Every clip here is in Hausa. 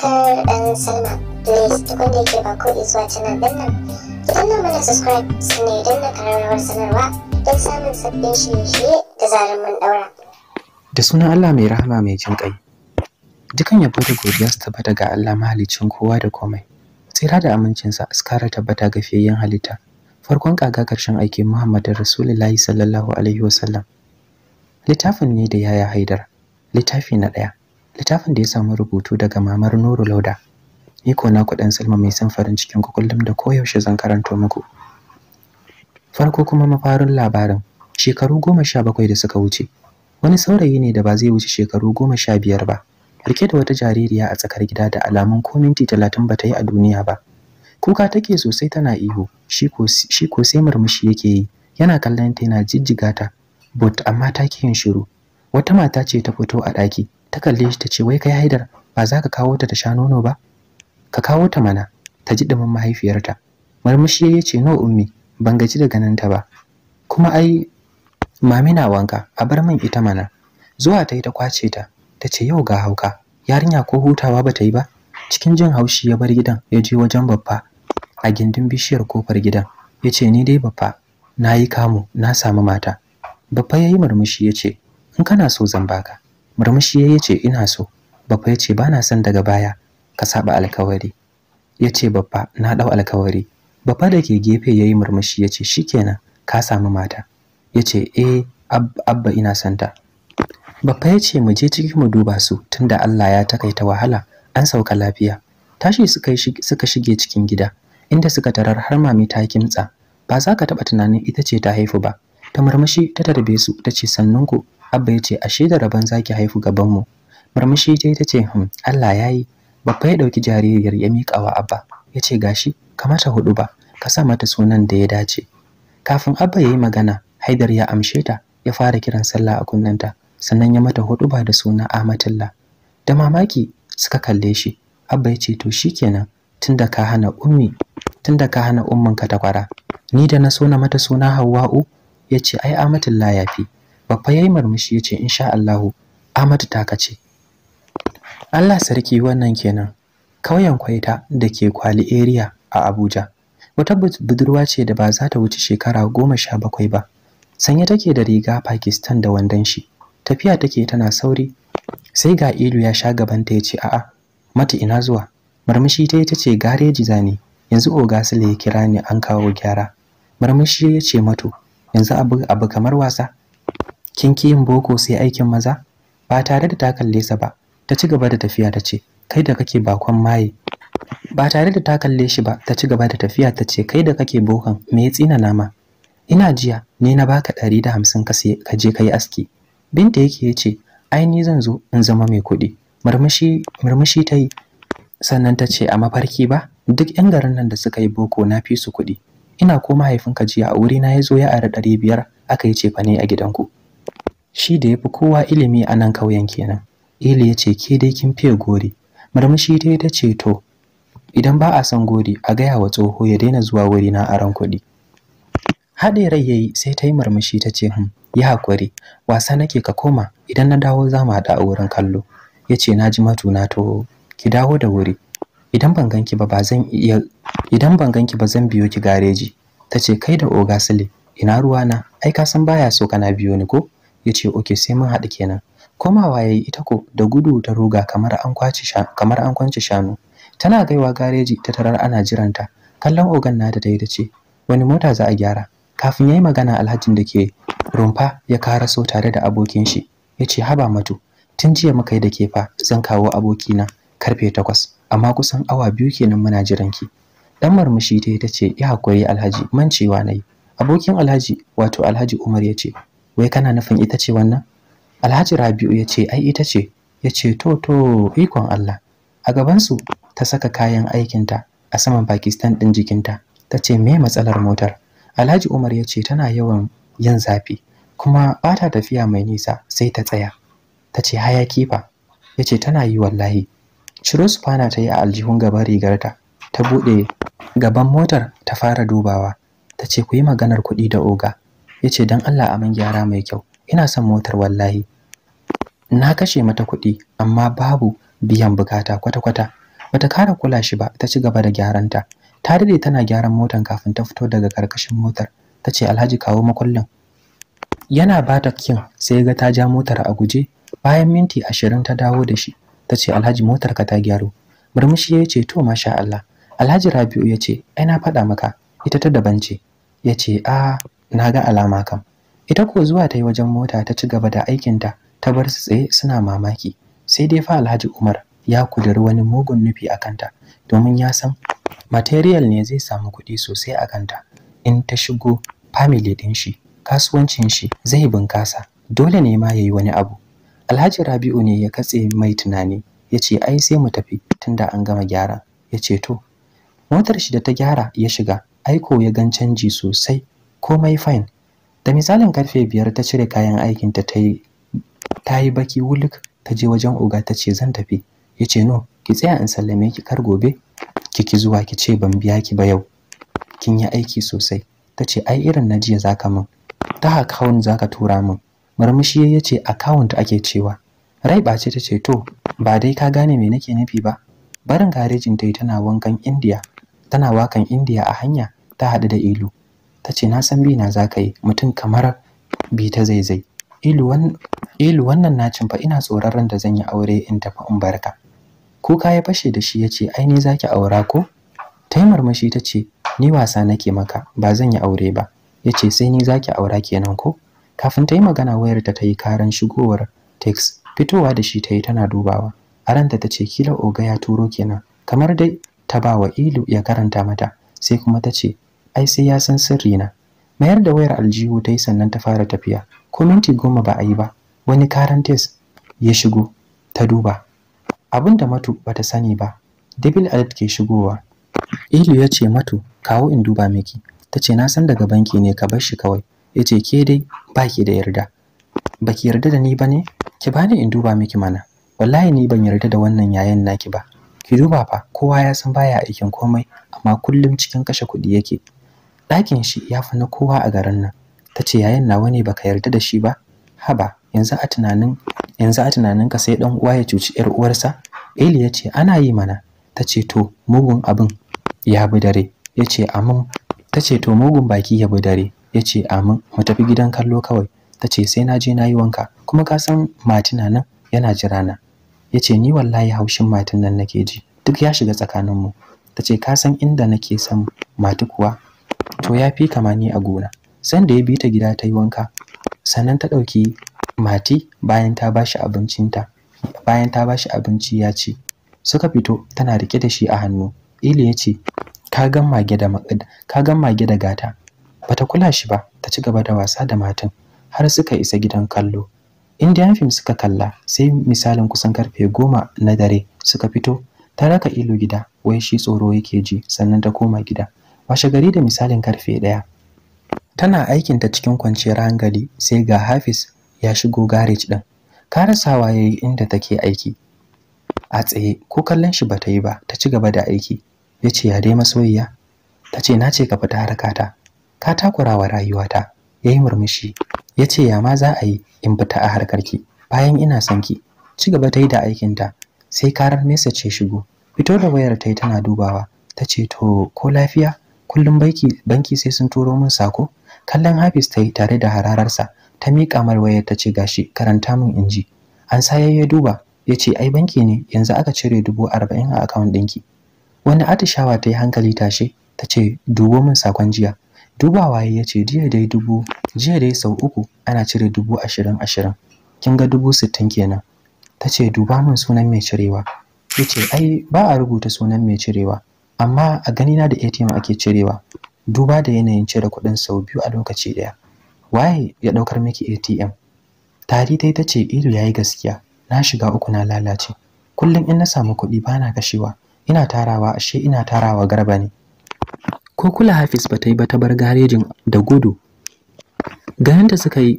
subscribe and sign up. Please tukun da yake ba ko zuwa canal din nan. Ki danna mana subscribe sannan idan na kararrawar sanarwa don samun sabbin shirye-shirye da zarar mun daura. Da sunan Allah mai rahama mai jin ƙai. Dukan yabo da godiya su tabbata daga Allah mahaliccin kowa da komai. Tsira da amincinsa askara tabbata ga fiyayyen halitta. Farkon ƙaga ƙarshen aikin da Rasulullahi sallallahu alaihi wasallam. Littafin ne da yaya Haidar. Littafi na ɗaya. littafin da ya samu rubutu daga mamar Nuru Lauda ni ko na kuɗin Salma mai san farin cikin ku kullum da koyaushe zan karanto muku farko kuma mafarin labarin shekaru goma sha bakwai da suka wuce wani saurayi ne da ba zai wuce shekaru goma sha biyar ba rike da wata jaririya a tsakar gida da alamun ko minti talatin ba ta yi a duniya ba kuka take sosai tana ihu shi ko sai murmushi yake yi yana kallon ta yana jijjiga ta but amma ta ke yin shiru wata mata ce ta fito a ɗaki ta kalle shi ta ce wai kai haidar ba za ka kawo ta ta sha nono ba ka kawo ta mana ta ji dumin mahaifiyarta marmushi ya ce no ummi ban gaji da ganin ta ba kuma ai mami na wanka a bar min ita mana zuwa ta yi ta kwace ta ta ce yau ga hauka yarinya ko hutawa ba ta yi ba cikin jin haushi ya bar gidan ya je wajen babba a gindin bishiyar kofar gidan ya ce ni dai babba na yi kamu na samu mata babba ya yi murmushi ya ce in kana so zan baka murmushi ya ce ina so babba ya ce bana son daga baya ka saba alkawari ya ce babba na dau alkawari babba da ke gefe yayi murmushi ya ce shikenan ka samu mata ya ce eh abba ina son ta babba ya ce mu je ciki mu duba su tunda Allah ya takaita wahala an sauka lafiya tashi suka suka shige cikin gida inda suka tarar har mami ta kimtsa ba za ka taba tunanin ita ce ta haifu ba ta murmushi ta tarbe su tace ce sannunku abba ya ce ashe da rabon zaki haifu gabanmu murmushi ta ita ce hmm Allah ya yi babba ya ɗauki jaririyar ya miƙa wa abba ya ce gashi kamata huɗu ba ka sa mata sunan da ya dace kafin abba ya yi magana haidar ya amshe ta ya fara kiran sallah a kunnenta sannan ya mata hudu ba da suna amatilla da mamaki suka kalle shi abba ya ce to shikenan tunda ka hana ummi tunda ka hana umminka ta kwara ni da na so mata suna Hawwa'u, ya ce ai ya fi. Baffa ya yi murmushi ya ce insha Allahu Ahmadu ta kace. Allah sarki wannan kenan. Kauyen Kwaita da ke Kwali area a Abuja. Wata budurwa ce da ba za ta wuce shekara goma sha bakwai ba. Sanye take da riga Pakistan da wandon shi. Tafiya take tana sauri. Sai ga Ilu ya sha gaban ta ya ce a'a mata ina zuwa. Murmushi ta ita ce gareji zane yanzu oga Sule ya kira ni an kawo gyara. Murmushi ya ce mato yanzu abu abu kamar wasa kin ki yin boko sai aikin maza ba tare da ta kalle sa ba ta ci gaba da tafiya ta ce kai da kake bakon maye ba tare da ta kalle shi ba ta ci gaba da tafiya ta ce kai da kake bokan me ya tsina nama ina jiya ne na baka ɗari da hamsin ka ka je ka yi aski binta yake ya ce ai ni zan zo in zama mai kuɗi murmushi murmushi ta yi sannan ta ce a mafarki ba duk 'yan garin nan da suka yi boko na fi su kuɗi ina ko mahaifinka jiya a wurina ya zo ya ara ɗari biyar aka yi cefane a gidanku shi da ya fi kowa ilimi a nan ƙauyen kenan ili ya ce ke dai kin fiye gori murmushi dai ta ce to idan ba a san gori a gaya wa tsoho ya daina zuwa wuri na aron kuɗi haɗe rai yayi sai ta yi marmashi ta ce hm yi haƙuri wasa nake ka koma idan na dawo za mu haɗa a wurin kallo ya ce na ji matuna to ki dawo da wuri idan ban ganki ba ba zan iya idan ban ganki ba zan biyo ki gareji ta ce kai da oga sule ina ruwana ai ka san baya so kana biyo ni ko ya ce oke sai mun haɗu kenan komawa ya yi ita ko da gudu ta ruga kamar an kwanci kwance shanu tana gaiwa gareji ta tarar ana jiranta kallon ogan da ta yi ta ce wani mota za a gyara kafin ya yi magana alhajin da ke rumfa ya karaso tare da abokin shi ya ce haba matu tun jiya mu kai da ke fa zan kawo abokina karfe takwas amma kusan awa biyu kenan muna jiranki dan marmushi ta ta ce ya haƙuri alhaji mancewa na yi abokin alhaji wato alhaji umar ya ce wai kana nufin ita ce wannan alhaji rabi'u ya ce ai ita ce ya ce to to ikon allah a gabansu ta saka kayan aikinta a saman pakistan ɗin jikinta ta ce me matsalar motar alhaji umar ya ce tana yawan yin zafi kuma ba ta tafiya mai nisa sai ta tsaya ta ce haya kifa. ya ce tana yi wallahi ciro sufana ta yi a aljihun gaban rigarta ta buɗe gaban motar ta fara dubawa ta ce ku yi maganar kuɗi da oga yace dan Allah a man gyara mai kyau ina son motar wallahi na kashe mata kuɗi amma babu biyan bukata kwata-kwata bata kara kula shi ba ta ci gaba da gyaranta ta dade tana gyaran motar kafin ta fito daga karkashin motar tace alhaji kawo makullin yana bata kin sai ga ta ja motar a guje bayan minti ashirin ta dawo da shi tace alhaji motar ka ta gyaru murmushi yace to masha Allah alhaji rabi'u yace ce ai na faɗa maka ita ta daban ce ya ce a ah, na ga alama kam ita ko zuwa ta yi wajen mota ta ci gaba da aikinta ta bar su tsaye suna mamaki sai dai fa alhaji umar ya kudiri wani mugun nufi a kanta domin ya san material ne zai samu kuɗi sosai a kanta in ta shigo family ɗin shi kasuwancin shi zai bunkasa dole ne ma ya yi wani abu alhaji rabi'u ne ya katse mai tunani ya ce ai sai mu tafi tunda an gama gyara ya ce to motar shi da ta gyara ya shiga aiko ya gan canji sosai komai fine da misalin karfe biyar ta cire kayan aikinta ta yi ta yi baki wuluk ta je wajen oga ta ce zan tafi ya ce no ki tsaya in sallame ki kar gobe kiki zuwa ki ce ban biya ki ba yau kin yi aiki sosai ta ce ai irin na jiya zaka min ta hakawun zaka tura min murmushi ya ce account ake cewa rai ɓace ta ce to ba dai ka gane me nake nufi ba barin garejin ta tana wankan indiya tana wakan indiya a hanya ta hadu da ilu ta ce na san bina za ka yi mutum kamar bi ta zaizai ilu wannan na cin fa ina tsoron da zan yi aure in tafi in barka kuka ya fashe da shi ya ce ai ni za ki aura ko ta yi marmashi ta ce ni wasa nake maka ba zan yi aure ba ya ce sai ni za ki aura kenan ko kafin ta yi magana wayar ta ta yi karan shigowar teks, fitowa da shi ta yi tana dubawa a ranta ta ce kila oga ya turo kenan kamar dai ta ba wa ilu ya karanta mata sai kuma ta ce ai sai ya san sirri na. mayar da wayar aljihu ta yi sannan ta fara tafiya ko minti goma ba a yi ba wani karantes ya shigo ta duba abin da matu bata sani ba debil alert ke shigowa ilu ya ce matu kawo in duba miki ta ce na san daga banki ne ka bar shi kawai ya ce ke dai ba ki da yarda ba ki yarda da ni ba ne ki bani in duba miki mana wallahi ni ban yarda da wannan yayan naki ba ki duba fa kowa ya san baya aikin komai amma kullum cikin kashe kuɗi yake Dakin shi ya fi na kowa a garin nan ta ce yayan nawa ne baka yarda da shi ba haba yanzu a tunanin yanzu tunaninka sai ɗan uwa ya cuci ƴar uwarsa eli ya ce ana yi mana ta ce to mugun abin ya bi dare ya ce amin ta ce to mugun baki ya bi dare ya ce amin mu tafi gidan kallo kawai ta ce sai na je na yi wanka kuma ka san matina nan yana jira na ya ce ni wallahi haushin matin nan nake ji duk ya shiga tsakaninmu ta ce ka san inda nake son mati kuwa to ya fi kama ni a gona sanda ya bi ta gida ta yi wanka sannan ta ɗauki mati bayan ta bashi abincinta bayan ta bashi abinci ya ce suka fito tana rike da shi a hannu ili ya ce ka gan mage da ka gan mage gata bata kula shi ba ta ci gaba da wasa da matan har suka isa gidan kallo indian film suka kalla sai misalin kusan karfe goma na dare suka fito ta raka ilo gida wai shi tsoro yake ji sannan ta koma gida washe gari da misalin karfe ɗaya tana aikinta cikin kwanciyar hankali sai ga hafiz ya shigo garage ɗin karasawa ya yi inda take aiki a tsaye ko kallon shi bata yi ba ta ci gaba da aiki ya ce ya dai masoyiya ta ce na ce ka fita harkata ka takura wa rayuwata ya yi murmushi ya ce ya ma za a yi in fita a harkar ki? bayan ina son ki ci gaba ta yi da aikinta sai karar nesa ce shigo fito da wayar ta yi tana dubawa ta ce to ko lafiya kullum banki banki sai sun turo min sako kallon Hafiz ta yi tare da hararsa ta miƙa mar wayar ta ce gashi karanta min inji an sa yayye duba ya ce ai banki ne yanzu aka cire dubu arba'in a akawun ɗinki wani atishawa ta yi hankali tashe ta ce dubo min sakon jiya dubawa ya ce jiya dai dubu jiya dai sau uku ana cire dubu ashirin ashirin kin ga dubu sittin kenan ta ce duba min sunan mai cirewa ya ce ai ba a rubuta sunan mai cirewa amma a ganina da ATM ake cirewa duba da yanayin cire kuɗin sau biyu a lokaci ɗaya waye ya ɗaukar miki ATM tari dai ta ce ido ya yi gaskiya na shiga uku na lalace kullum in na samu kuɗi na kashewa ina tarawa ashe ina tarawa garba ne ko kula Hafiz ba ta yi ba ta bar garejin da gudu ganin da suka yi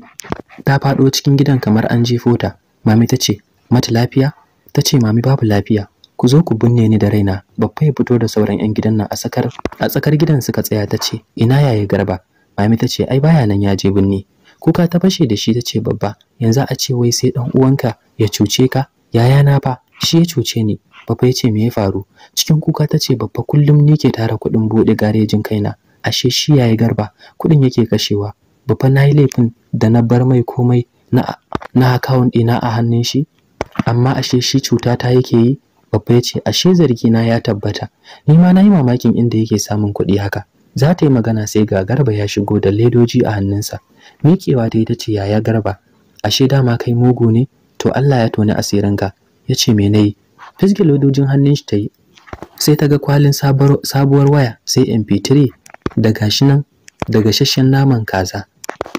ta faɗo cikin gidan kamar an jefo ta mami ta ce mata lafiya ta ce mami babu lafiya ku zo ku binne ni da raina babba ya fito da sauran yan gidan nan a sakar a tsakar gidan suka tsaya tace ina yaya garba mami tace ai baya nan ya je binne kuka ta fashe da shi tace babba yanzu a ce wai sai dan uwanka ya cuce ka yaya na fa shi ya cuce ni babba ya ce me ya faru cikin kuka tace babba kullum ni ke tara kuɗin buɗe garejin kaina ashe shi yayi garba kuɗin yake kashewa babba na yi laifin da na bar mai komai na na akawun ɗina a hannun shi amma ashe shi cuta ta yake yi babba ya ce ashe na, ya tabbata ni ma na yi mamakin inda yake samun kuɗi haka za ta yi magana sai ga garba ya shigo da ledoji a hannunsa miƙewa dai ta ce yaya garba ashe dama kai mugu ne to Allah ya toni asirinka ya ce me nayi fisge ledojin hannun shi ta yi sai ta ga kwalin sabuwar waya sai mp3 da gashi nan da gashashen naman kaza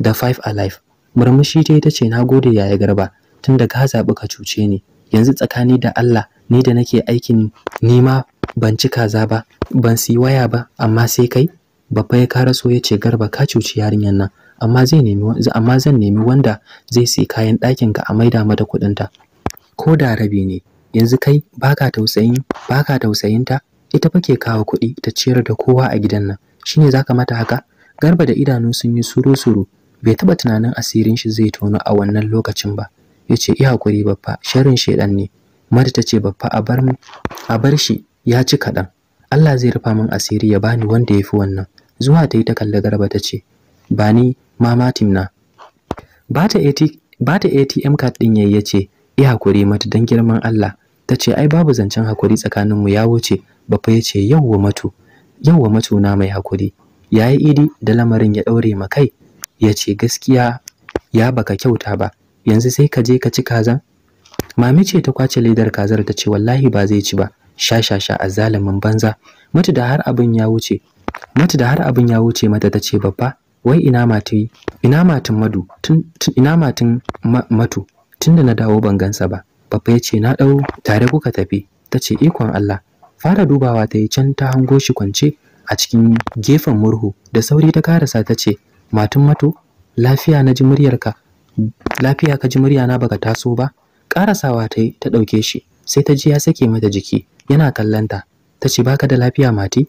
da five alive murmushi ta yi ta ce na gode yaya garba tun daga ka zaɓi ka cuce ni yanzu tsakani da Allah ni da nake aikin nima ban ci kaza ba ban si waya ba amma sai kai babba ya karaso ya ce garba ka cuci yarinyar nan amma zai nemi amma zan nemi wanda zai sai kayan ɗakin ka a maida mata kuɗin ta ko da rabi ne yanzu kai baka tausayin baka tausayin ta ita fa ke kawo kuɗi ta ciyar da kowa a gidan nan shine zaka mata haka garba da idanu sun yi suru-suru bai taɓa tunanin asirin shi zai tono a wannan lokacin ba Yace, 'I iya hakuri baffa sharrin shedan ne mata tace ce baffa a bar a bar shi ya ci kaɗan Allah zai rufa min asiri ya bani wanda ya fi wannan zuwa ta yi ta kalli garba ta ce ba ni mama timna ba ta atm card din yayi ya ce iya hakuri mata dan girman Allah tace ai babu zancen hakuri tsakanin mu ya wuce baffa yace ce yawwa matu yawwa na mai hakuri yayi idi da lamarin ya daure ma kai yace gaskiya ya baka kyauta ba yanzu sai ka je ka ci kazan mami ce ta kwace ledar kazar ta ce wallahi ba zai ci ba sha sha sha azzalumin banza mata da har abin ya wuce mata da har abin ya wuce mata ta ce babba wai ina mati ina matin madu tun ina matin matu tunda na dawo ban gansa ba babba ya ce na dau tare kuka tafi ta ce ikon Allah fara dubawa ta yi can ta hango shi kwance a cikin gefen murhu da sauri ta karasa ta ce matun mato lafiya na ji muryarka lafiya ka ji murya na baka taso ba karasawa ta ta ɗauke shi sai ta ji ya sake mata jiki yana kallanta ta ce baka da lafiya mati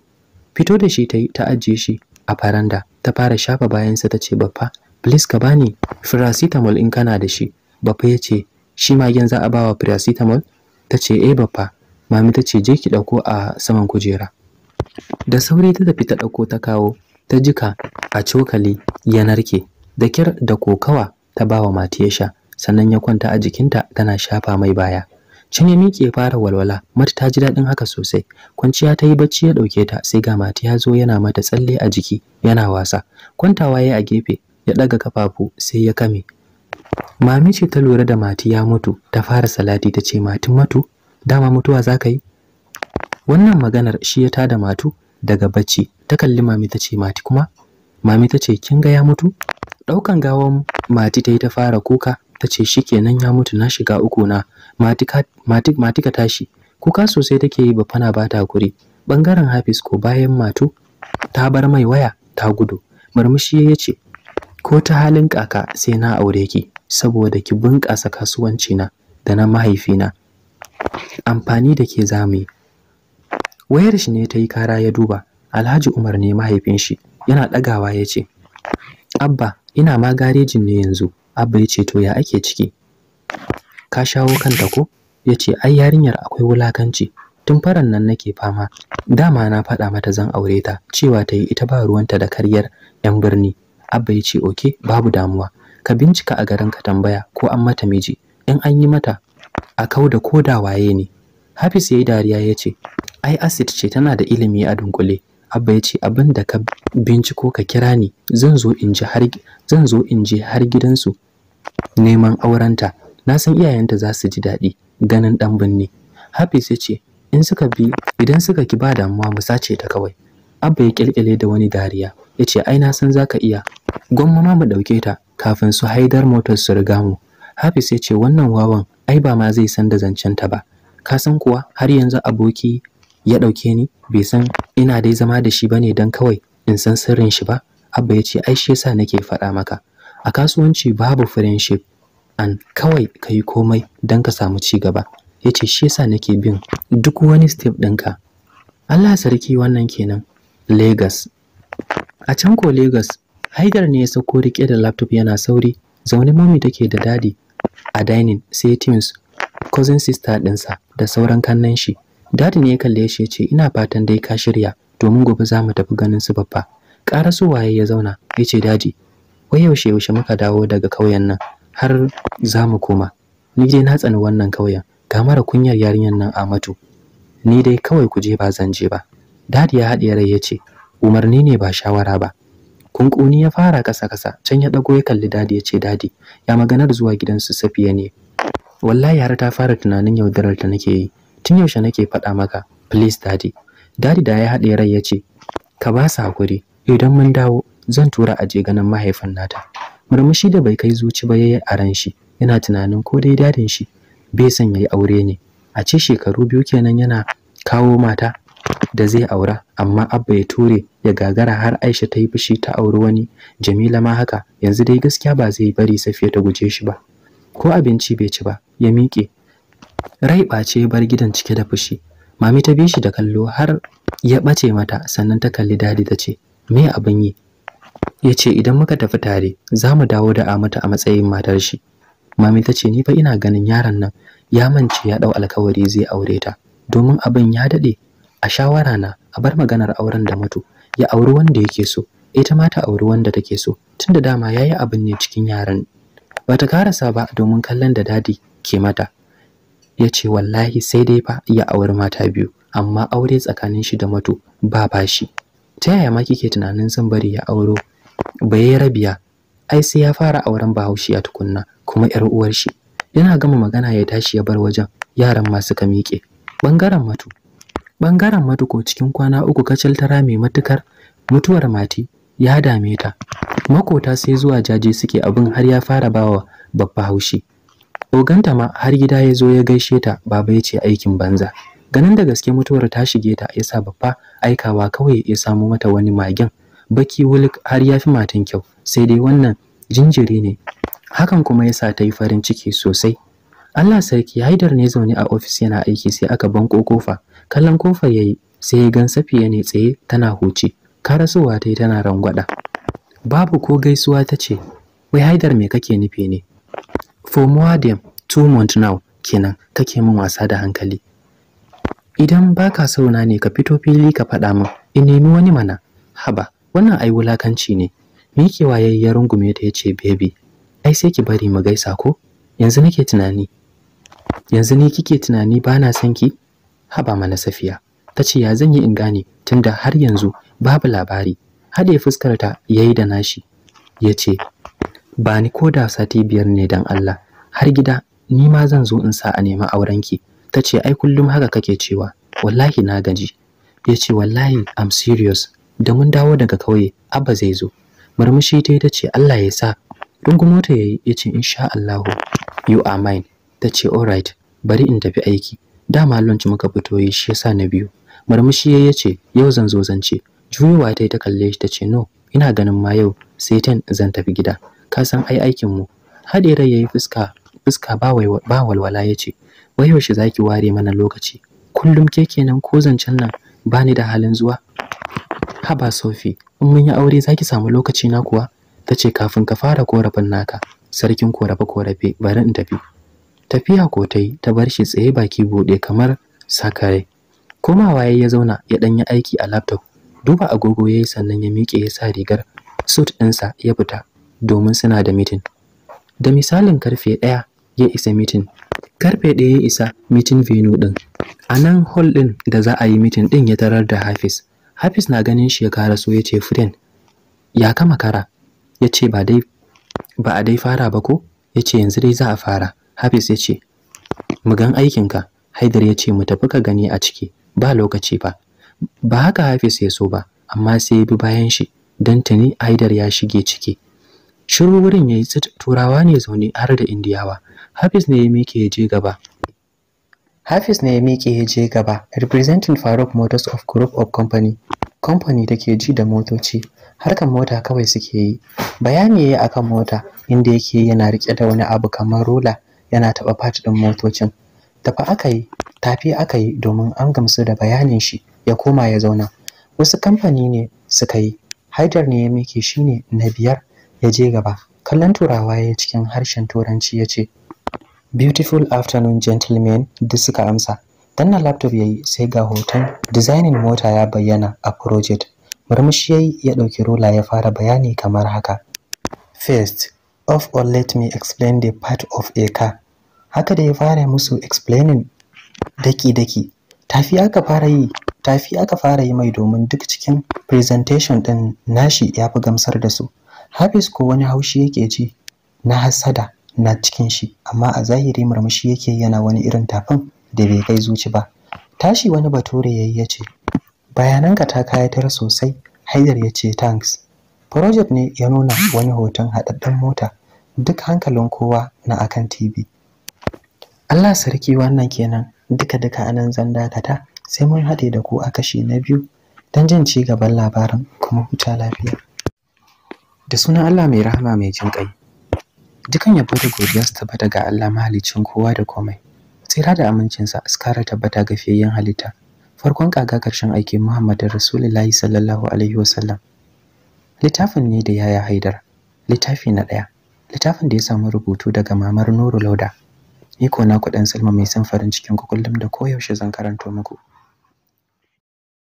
fito da shi tai ta ajiye shi a faranda ta fara shafa bayansa ta ce baffa please ka bani paracetamol in kana da shi baffa ya ce shi magen za a bawa paracetamol ta ce eh baffa mami ta ce je ki ɗauko a saman kujera da sauri ta tafi ta ɗauko ta kawo ta jika a cokali ya narke da kyar da kokawa ta bawa matiyarsa sannan ya kwanta a jikinta tana shafa mai baya can ya miƙe fara walwala mata ta ji daɗin haka sosai kwanciya ta yi bacci ya ɗauke ta sai ga mati ya zo yana mata tsalle a jiki yana wasa kwantawa ya a gefe ya ɗaga kafafu sai ya kame mami ce ta lura da mati ya mutu ta fara salati ta ce mati mutu? dama mutuwa za ka yi wannan maganar shi ya tada matu daga bacci ta kalli mami ta ce mati kuma mami ta ce kin ga ya mutu Daukan gawan mati tayi ta fara kuka tace ce shikenan ya mutu na shiga uku na matika ka tashi kuka sosai take yi ba fana bata kure bangaren Hafiz ko bayan matu ta bar mai waya ta gudu murmushi ya ce ko ta halin kaka sai na aure ki saboda ki bunƙasa kasuwanci na da na mahaifina amfani da ke zamu yi wayar shi ne ta yi kara ya duba Alhaji Umar ne mahaifin shi yana ɗagawa ya ce Abba ina ma garejin ne yanzu abba ya ce to ya ake ciki ka shawo kanta ko ya ce ai yarinyar akwai wulakanci tun faran nan nake fama dama na faɗa mata zan aure ta cewa ta yi ita ba ruwanta da karyar 'yan birni abba ya ce oke babu damuwa ka bincika a garin ka tambaya ko an mata miji in an yi mata a kau da ko da waye ne hafiz ya yi dariya ya ce ai acid ce tana da ilimi a dunkule Abba ya ce abin da ka binciko ka kira ni zan zo in ji har zan zo in je har gidansu neman aurenta. Na san iyayenta za su ji daɗi ganin ɗan binni. Hafiz ya ce in suka bi idan suka ki ba damuwa mu sace ta kawai. Abba ya kirkire da wani dariya ya ce ai na san za ka iya. Gwamma ma mu ɗauke ta kafin su haidar motar su riga mu. Hafiz ya ce wannan wawan ai ba ma zai san da zancen ba. Ka san kuwa har yanzu aboki ya ɗauke ni bai san ina dai zama da shi bane don kawai in san sirrin shi ba abba ya ce ai shi yasa nake faɗa maka a kasuwanci babu friendship an kawai ka yi komai don ka samu ci gaba ya ce shi yasa nake bin duk wani step ɗinka Allah sarki wannan kenan Lagos a can ko Lagos Haidar ne ya sauko rike da laptop yana sauri zaune mami take da dadi a dining sai cousin sister ɗinsa da sauran kannan shi dadi ne ya kalle shi ya ce ina fatan dai ka shirya domin gobe za mu tafi ganin su babba ƙaraso waye ya zauna ya ce dadi wai yaushe yaushe muka dawo daga kauyen nan har za mu koma ni dai na tsani wannan kauyen ga mara kunyar yarinyar nan Amatu ni dai kawai ku je ba zan je ba dadi ya haɗiye rai ya ce umarni ne ba shawara ba kunkuni ya fara kasa-kasa can ya dago ya kalli dadi ya ce dadi ya maganar zuwa gidansu safiya ne wallahi har ta fara tunanin yaudarar ta nake yi tun yaushe nake faɗa maka please daddy daddy da ya haɗe rai ya ce ka ba su hakuri idan mun dawo zan tura a je ganin mahaifin nata murmushi da bai kai zuci ba yayi a ran shi yana tunanin ko dai dadin shi bai son yayi aure ne a ce shekaru biyu kenan yana kawo mata da zai aura amma abba ya ture ya gagara har Aisha ta yi fushi ta auri wani Jamila ma haka yanzu dai gaskiya ba zai bari Safiya ta guje shi ba ko abinci bai ci ba ya miƙe rai ce ya bar gidan cike da fushi mami ta bi shi da kallo har ya ɓace mata sannan ta kalli dadi ta ce me abin yi yace idan muka tafi tare za mu dawo da amata a matsayin matar shi mami ta ce ni fa ina ganin yaron nan ya mance ya ɗau alkawari zai aure ta domin abin ya daɗe a shawara na a bar maganar auren da mutu ya auri wanda yake so ita ma ta auri wanda take so tunda dama yayi abin ne cikin yaran bata karasa ba domin kallon da dadi ke mata ya ce wallahi sai dai fa ya auri mata biyu amma aure tsakanin shi da mato ba bashi ta yaya ma kike tunanin zan bari ya auro baye rabiya ai sai ya fara auren bahaushe a tukunna kuma yar uwar shi yana gama magana ya tashi ya bar wajen yaran ma suka miƙe bangaren matu bangaren mato ko cikin kwana uku kacal tara mai matukar mutuwar mati ya dame ta makota sai zuwa jaje suke abin har ya fara bawa babba haushi oganta ma har gida ya zo ya gaishe ta baba ya ce aikin banza ganin da gaske mutuwar ta shige ta ya sa babba aikawa kawai ya samo mata wani magen baki wulik har ya fi matan kyau sai dai wannan jinjiri ne hakan kuma ya sa ta yi farin ciki sosai Allah sarki Haidar ne zaune a ofis yana aiki sai aka banko kofa kallon kofar yayi sai ya gan Safiya ne tsaye tana huce karasuwa ta yi tana rangwada babu ko gaisuwa ta ce wai Haidar me kake nufi ne For more than two months now kenan kake min wasa da hankali. Idan baka sauna ne ka fito fili ka faɗa min in nemi wani mana. Haba, wannan ai wulakanci ne. Miƙewa yayi ya rungume ta yace baby, ai sai ki bari mu gaisa ko? Yanzu nake tunani. Yanzu ne kike tunani ba na son ki? Haba mana Safiya. Tace ya zan yi in gane tunda har yanzu babu labari. Hade fuskar ta yayi da nashi. Yace ba ni ko da sati biyar ne dan Allah har gida ni ma zan zo in sa a nemi aurenki ta ce ai kullum haka kake cewa wallahi na gaji ya ce wallahi I'm serious da mun dawo daga kauye abba zai zo murmushi ta yi ta ce Allah ya sa Dungu ta yayi ya ce insha Allahu you are mine ta ce alright, bari in tafi aiki dama lunch muka fito yi shi yasa na biyu murmushi ya ce yau zan zo zan ce juyowa ta yi ta kalle shi ta ce no ina ganin ma yau sai ten zan tafi gida ka san ai aikin mu haɗe rai yayi fuska fuska ba ba walwala yace wai yaushe zaki ware mana lokaci kullum ke kenan ko zancen nan bani da halin zuwa haba sofi in mun yi aure zaki samu lokaci na kuwa ce kafin ka fara korafin naka sarkin korafe korafe bari in tafi tafiya ko tai ta bar shi tsaye baki buɗe kamar sakare komawa ya zauna ya dan yi aiki a laptop duba agogo yayi sannan ya miƙe ya sa rigar suit ɗinsa ya fita domin suna da mitin da misalin karfe ɗaya ya isa mitin karfe ɗaya ya isa mitin venue ɗin a nan hall ɗin da za a yi mitin ɗin ya tarar da Hafis, Hafis na ganin shi ya kara so ya ce ya kama kara ya ce ba dai ba a dai fara ba ko ya ce yanzu dai za a fara Hafis ya ce mu gan aikinka haidar ya ce mu tafi ka gani a ciki ba lokaci ba ba haka Hafis ya so ba amma sai ya bi bayan shi don tuni haidar ya shige ciki shiru wurin yayi tsit turawa ne zaune har da indiyawa hafiz ne ya miƙe ya je gaba hafiz ne ya miƙe ya je gaba representing faruk motors of group of company company da ke ji da motoci harkan mota kawai suke yi bayani a kan mota inda yake yana riƙe da wani abu kamar rola yana taɓa fat ɗin motocin tafi aka yi tafi aka yi domin an gamsu da bayanin shi ya koma ya zauna wasu kamfani ne suka yi haidar ne ya mike shi ne na biyar ya je gaba kallon turawa ya cikin harshen turanci ya ce beautiful afternoon gentlemen duk suka amsa danna laptop ya yi sai ga hoton designing mota ya bayyana a project murmushi ya yi ya ɗauki rola ya fara bayani kamar haka first of all let me explain the part of a car haka da ya fara musu explaining daki-daki tafi aka fara yi tafi aka fara yi mai domin duk cikin presentation ɗin nashi ya fi gamsar da su Hafiz ko wani haushi yake ji na hasada na cikin shi amma a zahiri murmushi yake yana wani irin tafin da bai kai zuci ba. Tashi wani bature yayi ya ce bayananka ta kayatar sosai Haidar ya ce thanks. Project ne ya nuna wani hoton haɗaɗɗen mota duk hankalin kowa na akan TV. Allah sarki wannan kenan duka-duka anan zan dakata sai mun haɗe da ku a kashi na biyu dan jin ci gaban labarin kuma huta lafiya. da sunan Allah mai rahama mai jin ƙai dukan yabo da godiya su tabbata ga Allah mahaliccin kowa da komai tsira da amincinsa askara tabbata ga fiyayyen halitta farkon kaga karshen aikin Muhammadu Rasulullahi sallallahu alaihi wasallam littafin ne da yaya Haidar littafi na ɗaya littafin da ya samu rubutu daga mamar Nuru Lauda ni ko na kuɗin Salma mai son cikin ku kullum da koyaushe zan karanto muku